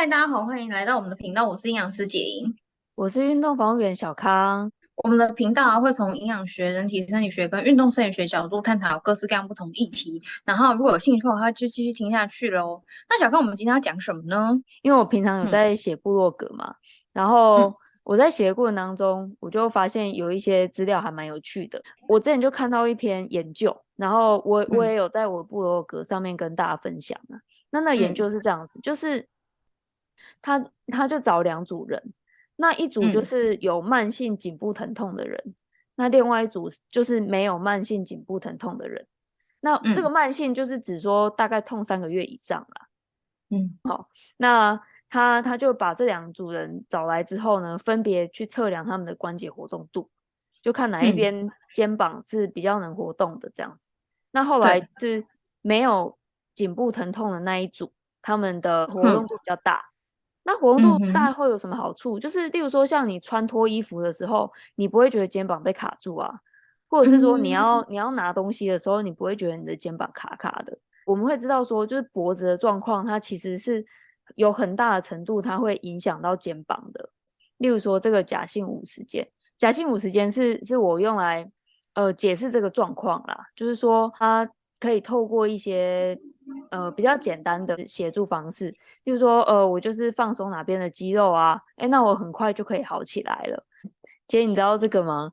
嗨，大家好，歡迎來到我們的頻道。我是營養師捷盈，我是運動防護員小康。我們的頻道啊，會從營養學、人體生理學跟運動生理學角度探討各式各樣不同議題。然後，如果有興趣的話，就繼續聽下去嘍。那小康，我們今天要講什麼呢？因為我平常有在寫部落格嘛，嗯、然後我在寫的過程當中，我就發現有一些資料還蠻有趣的。我之前就看到一篇研究，然後我我也有在我的部落格上面跟大家分享、啊嗯、那那研究是這樣子，就是。他他就找兩組人，那一組就是有慢性頸部疼痛的人，嗯，那另外一組就是沒有慢性頸部疼痛的人。那這個慢性就是指說大概痛三個月以上啦。嗯，好，那他他就把這兩組人找來之後呢，分別去測量他們的關節活動度，就看哪一邊肩膀是比較能活動的這樣子。嗯，那後來是沒有頸部疼痛的那一組，他們的活動度比較大。嗯嗯那活動度大概會有什麼好處？嗯、就是例如說，像你穿脫衣服的時候，你不會覺得肩膀被卡住啊，或者是說你要、嗯、你要拿東西的時候，你不會覺得你的肩膀卡卡的。我們會知道說，就是脖子的狀況，它其實是有很大的程度，它會影響到肩膀的。例如說，這個假性五十肩，假性五十肩是是我用來呃解釋這個狀況啦，就是說它可以透過一些。呃，比較簡單的協助方式，例如說，呃，我就是放鬆哪邊的肌肉啊，哎、欸，那我很快就可以好起來了。姐，你知道這個嗎？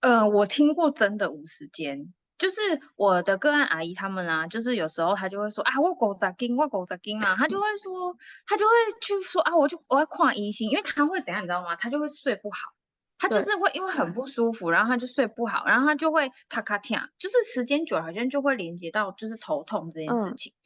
呃，我聽過真的五十肩，就是我的個案阿姨他們啊，就是有時候她就會說啊，我狗折筋，我狗折筋啊，她就會說，她就會去說啊，我就我要看醫生，因為她會怎樣，你知道嗎？她就會睡不好。他就是會因為很不舒服，然後他就睡不好，嗯、然後他就會咔咔跳，就是時間久了好像就會連接到就是頭痛這件事情、嗯，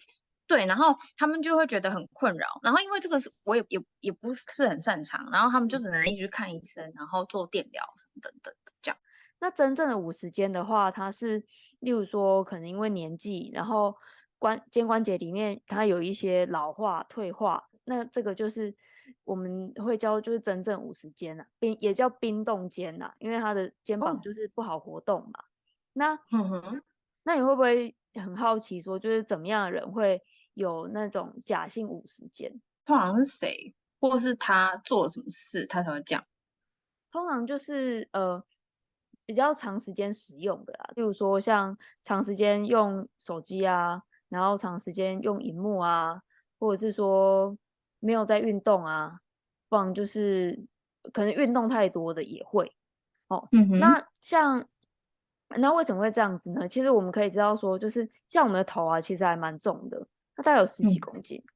對，然後他們就會覺得很困擾，然後因為這個是我也也也不是很擅長，然後他們就只能一直看醫生、嗯，然後做電療什麼等等的這樣。那真正的五十肩的話，它是例如說可能因為年紀，然後關肩關節裡面它有一些老化退化，那這個就是。我們會叫就是真正五十肩吶、啊，冰也叫冰凍肩吶、啊，因為他的肩膀就是不好活動嘛。哦、那、嗯、那你會不會很好奇說，就是怎麼樣的人會有那種假性五十肩？通常是誰，或是他做什麼事，他才會講？通常就是呃比較長時間使用的啦，例如說像長時間用手機啊，然後長時間用螢幕啊，或者是說。沒有在運動啊，不然就是可能運動太多的也會哦、嗯。那像那為什麼會這樣子呢？其實我們可以知道說，就是像我們的頭啊，其實還蠻重的，它大概有十幾公斤、嗯。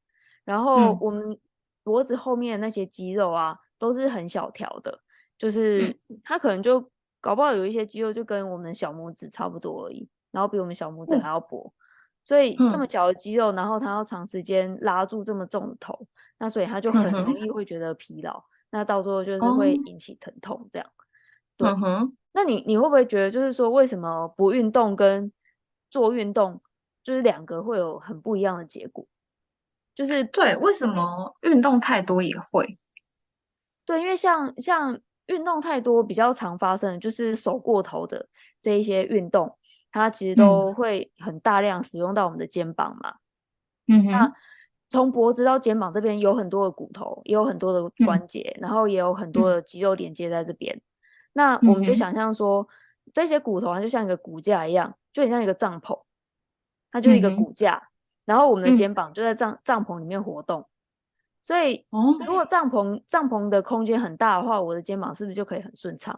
然後我們脖子後面的那些肌肉啊，都是很小條的，就是它可能就搞不好有一些肌肉就跟我們小拇指差不多而已，然後比我們小拇指還要薄。嗯所以這麼小的肌肉，嗯，然後它要長時間拉住這麼重的頭，那所以它就很容易會覺得疲勞，嗯，那到時候就是會引起疼痛這樣。嗯哼，對，那你你會不會覺得，就是說為什麼不運動跟做運動就是兩個會有很不一樣的結果？就是對，為什麼運動太多也會？對，因為像像運動太多比較常發生，就是手過頭的這一些運動。它其實都會很大量使用到我們的肩膀嘛，嗯哼，那從脖子到肩膀這邊有很多的骨頭，也有很多的關節，嗯、然後也有很多的肌肉連接在這邊。嗯、那我們就想象說，嗯、這些骨頭它就像一個骨架一樣，就很像一個帳篷，它就是一個骨架、嗯，然後我們的肩膀就在帳、嗯、帳篷裡面活動。所以，如果帳篷、哦、帳篷的空間很大的話，我的肩膀是不是就可以很順暢？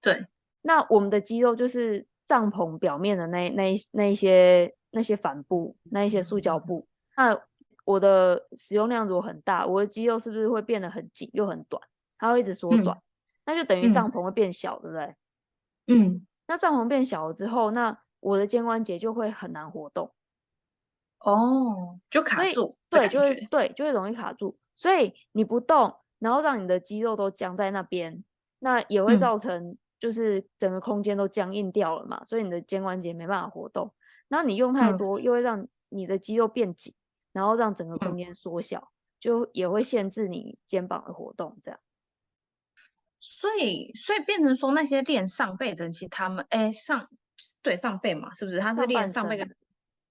對，那我們的肌肉就是。帳篷表面的那那那一些那，一些，那一些帆布，那一些塑膠布、嗯，那我的使用量如果很大，我的肌肉是不是會變得很緊又很短，它會一直縮短，嗯、那就等於帳篷會變小，對、嗯、不對？嗯。那帳篷變小了之後，那我的肩關節就會很難活動。哦，就卡住。對，就會對，就會容易卡住。所以你不動，然後讓你的肌肉都僵在那邊，那也會造成、嗯。就是整個空間都僵硬掉了嘛，所以你的肩關節沒辦法活動。那你用太多，又會讓你的肌肉變緊，嗯、然後讓整個空間縮小、嗯，就也會限制你肩膀的活動這樣。所以，所以變成說那些練上背的人，其實他們，哎、欸，上對上背嘛，是不是？他是練上背的，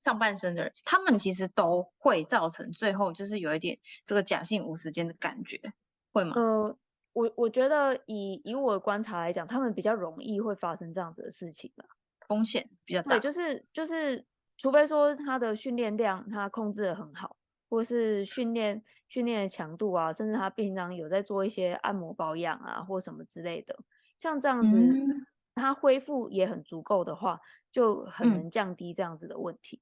上半身的人，他們其實都會造成最後就是有一點這個假性五十肩的感覺，會嗎？呃我我覺得以以我的觀察來講，他們比較容易會發生這樣子的事情啦，風險比較大。對，就是就是，除非說他的訓練量他控制得很好，或是訓練訓練的強度啊，甚至他平常有在做一些按摩保養啊，或什麼之類的，像這樣子，嗯、他恢復也很足夠的話，就很能降低這樣子的問題。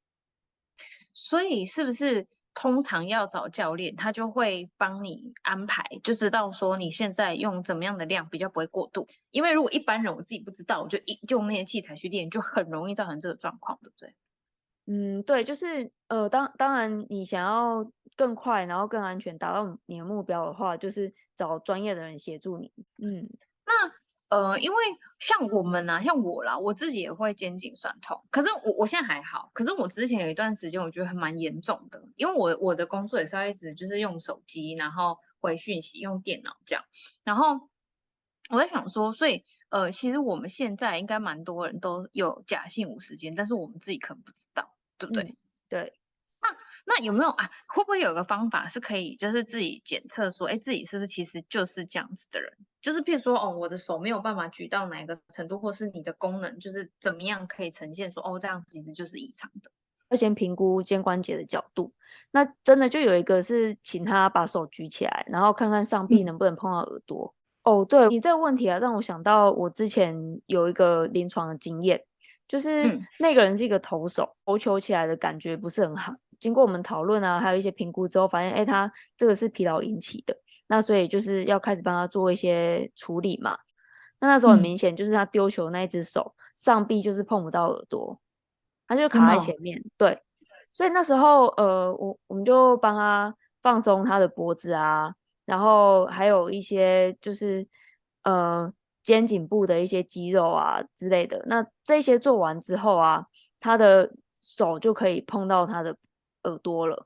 嗯、所以是不是？通常要找教練，他就會幫你安排，就知道說你現在用怎麼樣的量比較不會過度。因為如果一般人，我自己不知道，我就一就用那些器材去練，就很容易造成這個狀況，對不對？嗯，對，就是呃，當然當然你想要更快，然後更安全，達到你的目標的話，就是找專業的人協助你。嗯，那。呃，因為像我們吶、啊，像我啦，我自己也會肩頸痠痛。可是我我現在還好，可是我之前有一段時間，我覺得還蠻嚴重的。因為我我的工作也是要一直就是用手機，然後回訊息，用電腦這樣。然後我在想說，所以呃，其實我們現在應該蠻多人都有假性五十肩，但是我們自己可能不知道，對不對？嗯、對。那那有沒有啊？會不會有個方法是可以就是自己檢測說，哎、欸，自己是不是其實就是這樣子的人？就是譬如說，哦，我的手沒有辦法舉到哪一個程度，或是你的功能就是怎麼樣可以呈現說，哦，這樣子其實就是異常的。要先評估肩關節的角度。那真的就有一個是請他把手舉起來，然後看看上臂能不能碰到耳朵。嗯、哦，對，你這個問題啊，讓我想到我之前有一個臨床的經驗，就是那個人是一個投手，投球起來的感覺不是很好。經過我們討論啊，還有一些評估之後，發現哎、欸，他這個是疲勞引起的。那所以就是要開始幫他做一些處理嘛。那那時候很明顯就是他丟球那一隻手，嗯、上臂就是碰不到耳朵，他就卡在前面，對。所以那時候呃，我我們就幫他放鬆他的脖子啊，然後還有一些就是呃肩頸部的一些肌肉啊之類的。那這些做完之後啊，他的手就可以碰到他的耳朵了。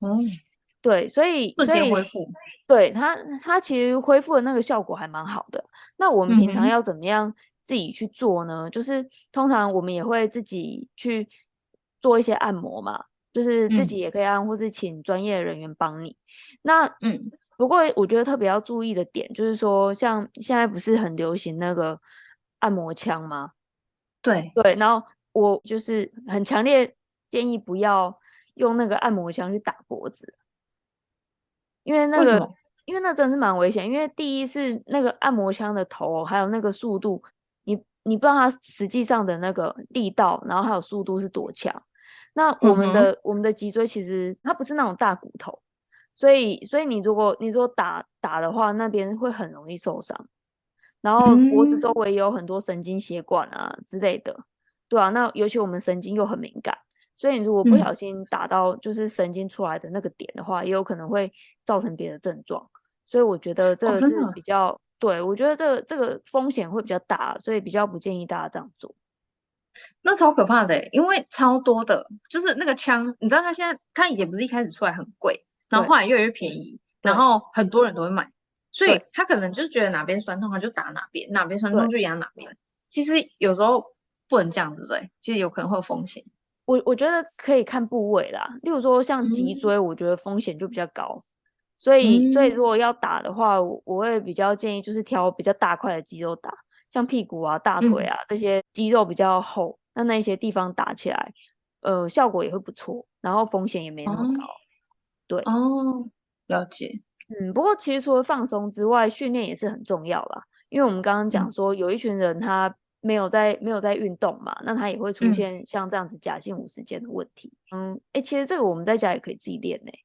嗯。對，所以所以，對它，它其實恢復的那個效果還蠻好的。那我們平常要怎麼樣自己去做呢？嗯、就是通常我們也會自己去做一些按摩嘛，就是自己也可以按，嗯、或是請專業人員幫你。那嗯，不過我覺得特別要注意的點就是說，像現在不是很流行那個按摩槍嗎？對對，然後我就是很強烈建議不要用那個按摩槍去打脖子。因為那個，為因為那真的是蠻危險。因為第一是那個按摩槍的頭、哦，還有那個速度，你你不知道它實際上的那個力道，然後還有速度是多強？那我們的、嗯、我們的脊椎其實它不是那種大骨頭，所以所以你如果你說打打的話，那邊會很容易受傷。然後脖子周圍也有很多神經血管啊之類的、嗯，對啊，那尤其我們神經又很敏感。所以，你如果不小心打到就是神經出來的那個點的話、嗯，也有可能會造成別的症狀。所以我覺得這個是比較，哦、對我覺得這個這個風險會比較大，所以比較不建議大家這樣做。那超可怕的，因為超多的，就是那個槍，你知道他現在它以前不是一開始出來很貴，然後後來越來越便宜，然後很多人都會買，所以他可能就是覺得哪邊酸痛他就打哪邊，哪邊酸痛就壓哪邊。其實有時候不能這樣，對不對？其實有可能會有風險。我我覺得可以看部位啦，例如說像脊椎，我覺得風險就比較高，嗯、所以所以如果要打的話我，我會比較建議就是挑比較大塊的肌肉打，像屁股啊、大腿啊這、嗯、些肌肉比較厚，那那些地方打起來，呃，效果也會不錯，然後風險也沒那麼高。哦對哦，了解。嗯，不過其實除了放鬆之外，訓練也是很重要啦，因為我們剛剛講說有一群人他。沒有在沒有在運動嘛，那它也會出現像這樣子假性五十肩的問題。嗯，哎、嗯欸，其實這個我們在家也可以自己練呢、欸。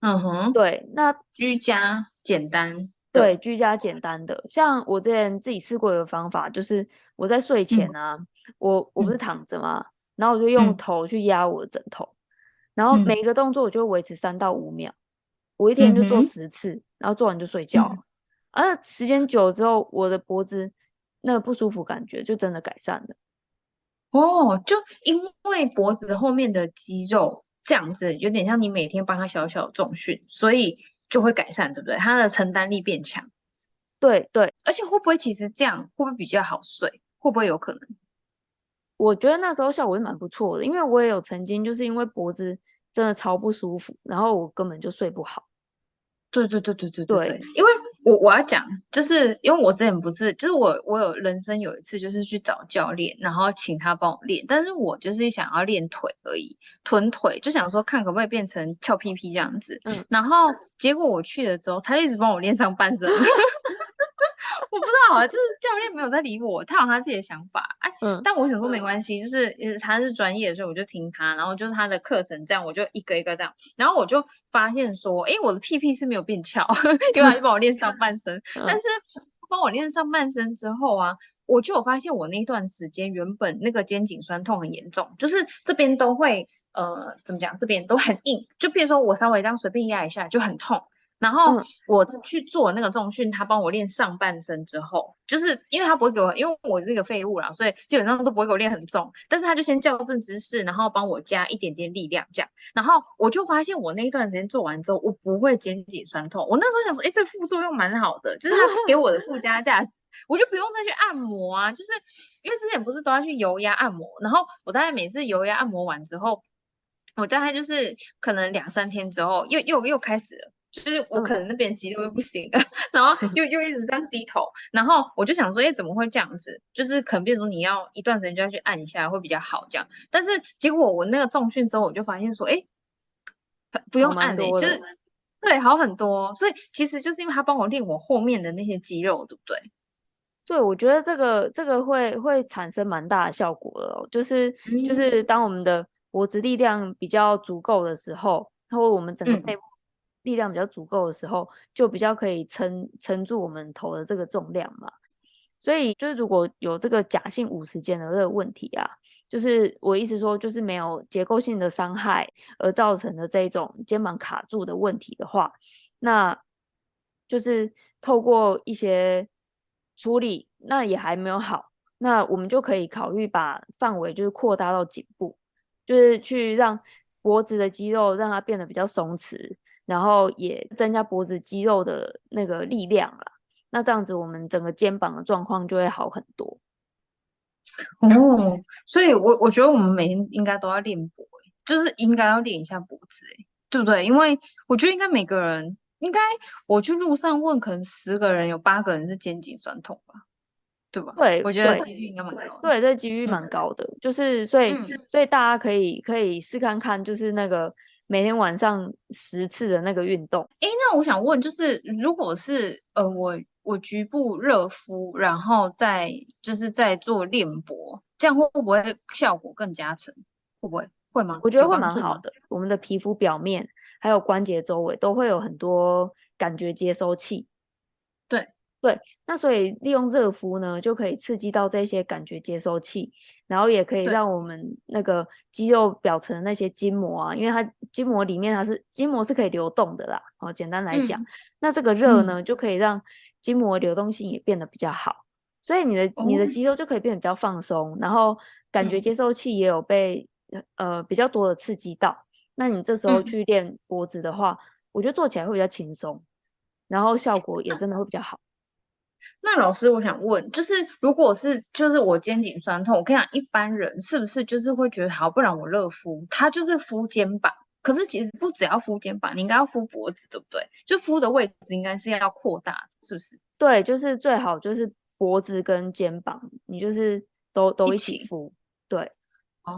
嗯哼，對，那居家簡單對，對，居家簡單的，像我之前自己試過一個方法，就是我在睡前啊，嗯、我我不是躺着嘛、嗯，然後我就用頭去壓我的枕頭，嗯、然後每一個動作我就維持三到五秒，我一天就做十次嗯嗯，然後做完就睡覺，而、嗯啊、時間久了之後，我的脖子。那個、不舒服感覺就真的改善了哦，oh, 就因為脖子後面的肌肉這樣子，有點像你每天幫他小小重訓，所以就會改善，對不對？他的承擔力變強，對對，而且會不會其實這樣會不會比較好睡？會不會有可能？我覺得那時候效果是蠻不錯的，因為我也有曾經就是因為脖子真的超不舒服，然後我根本就睡不好。對，對對對對對對。對，因為我我要講，就是因為我之前不是，就是我我有人生有一次就是去找教練，然後請他幫我練，但是我就是想要練腿而已，臀腿就想說看可不可以變成翹屁屁這樣子，嗯，然後結果我去了之後，他就一直幫我練上半身。嗯 我不知道啊，就是教練沒有在理我，他有他自己的想法。哎，嗯、但我想說沒關係，嗯，就是他是專業的，所以我就聽他，然後就是他的課程這樣，我就一個一個這樣。然後我就發現說，哎、欸，我的屁屁是沒有變翹， 因為他就幫我練上半身。嗯、但是幫、嗯、我練上半身之後啊，我就有發現我那一段時間原本那個肩頸痠痛很嚴重，就是這邊都會呃怎麼講，這邊都很硬，就比如說我稍微這樣隨便壓一下就很痛。然後我去做那個重訓，他幫我練上半身之後，就是因為他不會給我，因為我是一個廢物啦，所以基本上都不會給我練很重。但是他就先矯正姿勢，然後幫我加一點點力量這樣。然後我就發現我那一段時間做完之後，我不會肩頸痠痛。我那時候想說，哎，這副作用蠻好的，就是他給我的附加價值，我就不用再去按摩啊。就是因為之前不是都要去油壓按摩，然後我大概每次油壓按摩完之後，我大概就是可能兩三天之後，又又又開始了。就是我可能那邊肌肉又不行了，嗯，然後又又一直這樣低頭，嗯、然後我就想說，哎、欸，怎麼會這樣子？就是可能比如你要一段時間就要去按一下，會比較好這樣。但是結果我那個重訓之後，我就發現說，哎，不用按嘞，就是對，好很多、哦。所以其實就是因為他幫我練我後面的那些肌肉，對不對？對，我覺得這個這個會會產生蠻大的效果了。就是、嗯、就是當我們的脖子力量比較足夠的時候，然後我們整個背部、嗯。力量比較足夠的時候，就比較可以撐撐住我們頭的這個重量嘛。所以就是如果有這個假性五十肩的這個問題啊，就是我意思說，就是沒有結構性的傷害而造成的這一種肩膀卡住的問題的話，那就是透過一些處理，那也還沒有好，那我們就可以考慮把範圍就是擴大到頸部，就是去讓脖子的肌肉讓它變得比較鬆弛。然後也增加脖子肌肉的那個力量啦，那這樣子我們整個肩膀的狀況就會好很多。哦、嗯，所以我，我我覺得我們每天應該都要練脖，就是應該要練一下脖子，對不對？因為我覺得應該每個人，應該我去路上問，可能十個人有八個人是肩頸痠痛吧，對吧？對，我覺得這幾率應該蠻高的對對。對，這幾率蠻高的，嗯、就是所以、嗯，所以大家可以可以試看看，就是那個。每天晚上十次的那個運動，誒，那我想問，就是如果是呃，我我局部熱敷，然後再就是在做練搏，這樣會不會效果更加成？會不會會嗎？我覺得會蠻，會蠻好的。我們的皮膚表面，還有關節周圍都會有很多感覺接收器。對，那所以利用熱敷呢，就可以刺激到這些感覺接收器，然後也可以讓我們那個肌肉表層的那些筋膜啊，因為它筋膜裡面它是筋膜是可以流動的啦。哦，簡單來講，嗯、那這個熱呢、嗯、就可以讓筋膜流動性也變得比較好，所以你的、哦、你的肌肉就可以變得比較放鬆，然後感覺接收器也有被、嗯、呃比較多的刺激到。那你這時候去練脖子的話、嗯，我覺得做起來會比較輕鬆，然後效果也真的會比較好。那老師，我想問，就是如果是就是我肩頸痠痛，我跟你講，一般人是不是就是會覺得好，不然我熱敷，它就是敷肩膀。可是其實不只要敷肩膀，你應該要敷脖子，對不對？就敷的位置應該是要擴大，是不是？對，就是最好就是脖子跟肩膀，你就是都都一起敷，一起，對。哦、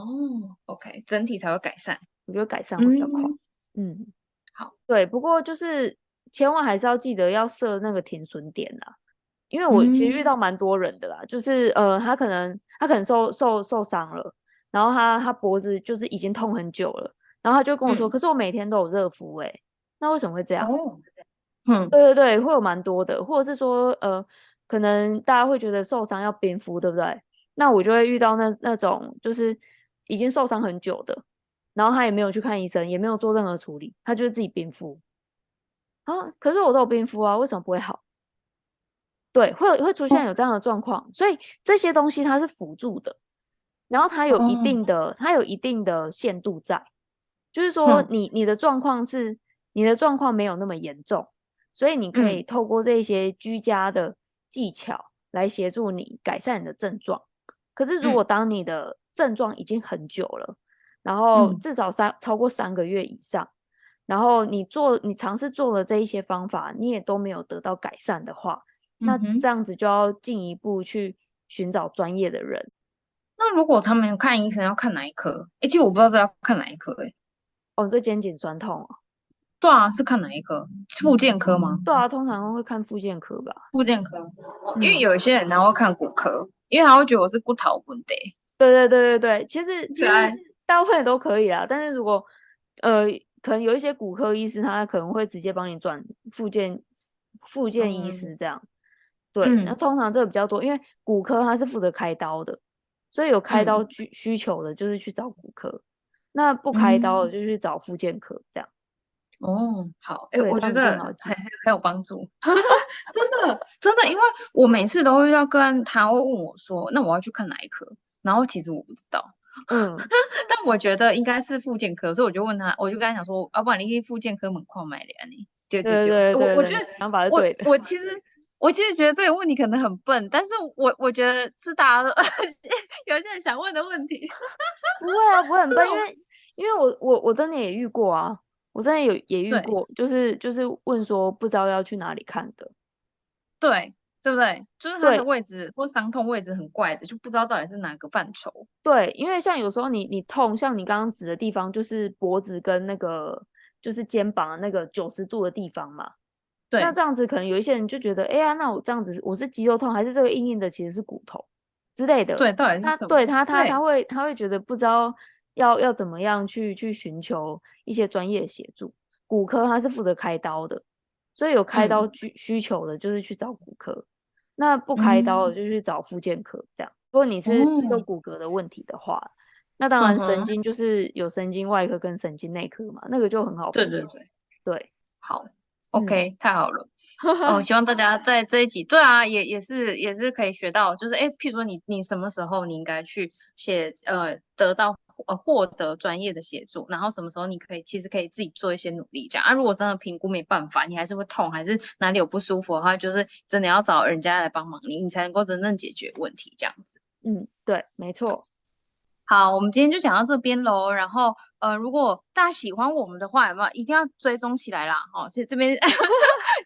oh，OK，整體才會改善，我覺得改善會比較快。嗯，嗯好，對，不過就是千萬還是要記得要設那個停損點了啊。因為我其實遇到蠻多人的啦，嗯、就是呃，他可能他可能受受受傷了，然後他他脖子就是已經痛很久了，然後他就跟我說，嗯、可是我每天都有熱敷哎、欸，那為什麼會這樣、哦對不對？嗯，對對對，會有蠻多的，或者是說呃，可能大家會覺得受傷要冰敷，對不對？那我就會遇到那那種就是已經受傷很久的，然後他也沒有去看醫生，也沒有做任何處理，他就是自己冰敷啊，可是我都有冰敷啊，為什麼不會好？對，會有會出現有這樣的狀況，所以這些東西它是輔助的，然後它有一定的它有一定的限度在，就是說你你的狀況是你的狀況沒有那麼嚴重，所以你可以透過這些居家的技巧來協助你改善你的症狀。可是如果當你的症狀已經很久了，然後至少三超過三個月以上，然後你做你嘗試做的這一些方法，你也都沒有得到改善的話。那這樣子就要進一步去尋找專業的人。嗯。那如果他們看醫生要看哪一科？哎、欸，其實我不知道是要看哪一科哎、欸。哦，這肩頸痠痛哦、啊。對啊，是看哪一科？復健科嗎？對啊，通常會看復健科吧。復健科，因為有一些人他會看骨科，因為他會覺得我是骨頭問題、欸。對對對對對，其實其實大部分人都可以啊。但是如果呃，可能有一些骨科醫師，他可能會直接幫你轉復健復健醫師這樣。嗯對、嗯，那通常這個比較多，因為骨科他是負責開刀的，所以有開刀需、嗯、需求的，就是去找骨科；嗯、那不開刀的，就去找復健科這樣。哦，好，哎、欸，我覺得很好很有幫助， 真的真的，因為我每次都會遇到個案，他會問我說：“那我要去看哪一科？”然後其實我不知道，嗯， 但我覺得應該是復健科，所以我就問他，我就跟他講說：“要、啊、不然你你去復健科門框買咧，你對對對，對，對對對，我對對對我覺得我想法是對的，我，我其實。我其實覺得這個問題可能很笨，但是我我覺得是大家呵呵有一些人想問的問題。不會啊，不會很笨，因為因為我我我真的也遇過啊，我真的有也，也遇過，就是就是問說不知道要去哪裡看的。對，對不對？就是它的位置或傷痛位置很怪的，就不知道到底是哪個範疇。對，因為像有時候你你痛，像你剛剛指的地方，就是脖子跟那個就是肩膀那個九十度的地方嘛。對，那這樣子可能有一些人就覺得，哎、欸、呀、啊，那我這樣子我是肌肉痛還是這個硬硬的其實是骨頭之類的？對，到底是什麼他對他對他他，他會他會覺得不知道要要怎麼樣去去尋求一些專業協助。骨科他是負責開刀的，所以有開刀需、嗯、需求的就是去找骨科。嗯、那不開刀的就去找復健科這樣、嗯。如果你是肌肉骨骼的問題的話、嗯，那當然神經就是有神經外科跟神經內科嘛、嗯，那個就很好。對，對對對，對，好。OK，太好了。嗯 呃，希望大家在這一集，對啊，也也是也是可以學到，就是哎、欸，譬如說你你什麼時候你應該去寫呃得到呃獲得專業的協助，然後什麼時候你可以其實可以自己做一些努力這樣，啊，如果真的評估沒辦法，你還是會痛還是哪裡有不舒服的話，就是真的要找人家來幫忙你，你才能夠真正解決問題這樣子，嗯，對，沒錯，好，我們今天就講到這邊嘍，然後。呃，如果大家喜歡我們的話，有沒有一定要追蹤起來啦？哦，所以這邊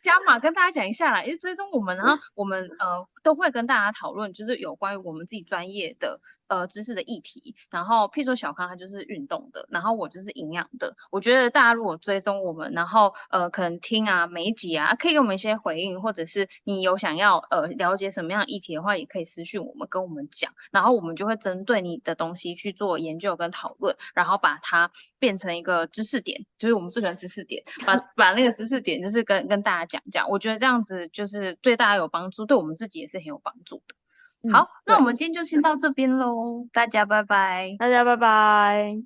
加碼跟大家講一下啦，追蹤我們，然後我們呃都會跟大家討論，就是有關於我們自己專業的呃知識的議題。然後，譬如說小康他就是運動的，然後我就是營養的。我覺得大家如果追蹤我們，然後呃可能聽啊、每一集啊，可以給我們一些回應，或者是你有想要呃了解什麼樣的議題的話，也可以私訊我們，跟我們講，然後我們就會針對你的東西去做研究跟討論，然後把它。變成一個知識點，就是我們最喜歡知識點，把把那個知識點，就是跟跟大家講講。 我覺得這樣子就是對大家有幫助，對我們自己也是很有幫助的。嗯、好，那我們今天就先到這邊嘍，大家拜拜，大家拜拜。